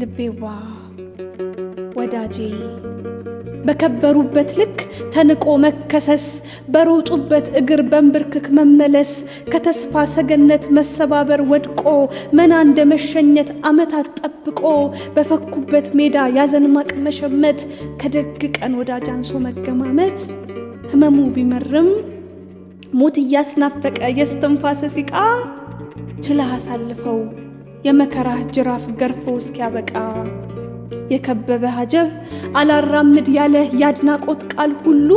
ልቤዋ ወዳጄ በከበሩበት ልክ ተንቆ መከሰስ፣ በሮጡበት እግር በንብርክክ መመለስ፣ ከተስፋ ሰገነት መሰባበር ወድቆ መና እንደ መሸኘት ዓመታት ጠብቆ በፈኩበት ሜዳ ያዘን ማቅ መሸመት፣ ከደግ ቀን ወዳጅ አንሶ መገማመት፣ ህመሙ ቢመርም ሞት እያስናፈቀ የስትንፋሰ ሲቃ ችለህ አሳልፈው የመከራህ ጅራፍ ገርፎ እስኪያበቃ የከበበ አጀብ አላራምድ ያለ የአድናቆት ቃል ሁሉ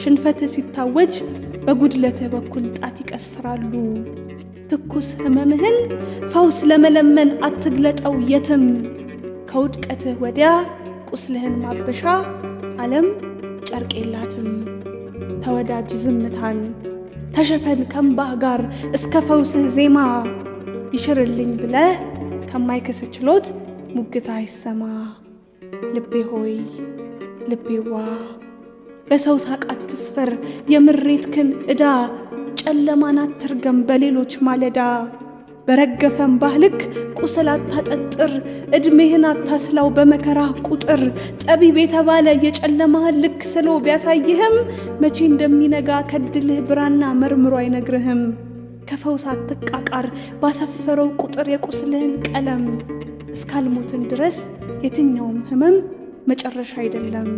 ሽንፈትህ ሲታወጅ በጉድለትህ በኩል ጣት ይቀስራሉ። ትኩስ ህመምህን ፈውስ ለመለመን አትግለጠው የትም። ከውድቀትህ ወዲያ ቁስልህን ማበሻ ዓለም ጨርቅ የላትም። ተወዳጅ ዝምታን ተሸፈን ከምባህ ጋር እስከ ፈውስህ ዜማ ይሽርልኝ ብለህ ከማይክስ ችሎት ሙግታ አይሰማ ልቤ ሆይ ልቤዋ በሰው ሳቅ አትስፈር የምሬትክን እዳ ጨለማን አትርገም በሌሎች ማለዳ በረገፈም ባህልክ ቁስል አታጠጥር እድሜህን አታስላው በመከራህ ቁጥር ጠቢብ የተባለ የጨለማህን ልክ ስሎ ቢያሳይህም መቼ እንደሚነጋ ከድልህ ብራና መርምሮ አይነግርህም። ከፈውስ አትቃቃር ባሰፈረው ቁጥር የቁስልህን ቀለም እስካልሞትን ድረስ የትኛውም ህመም መጨረሻ አይደለም።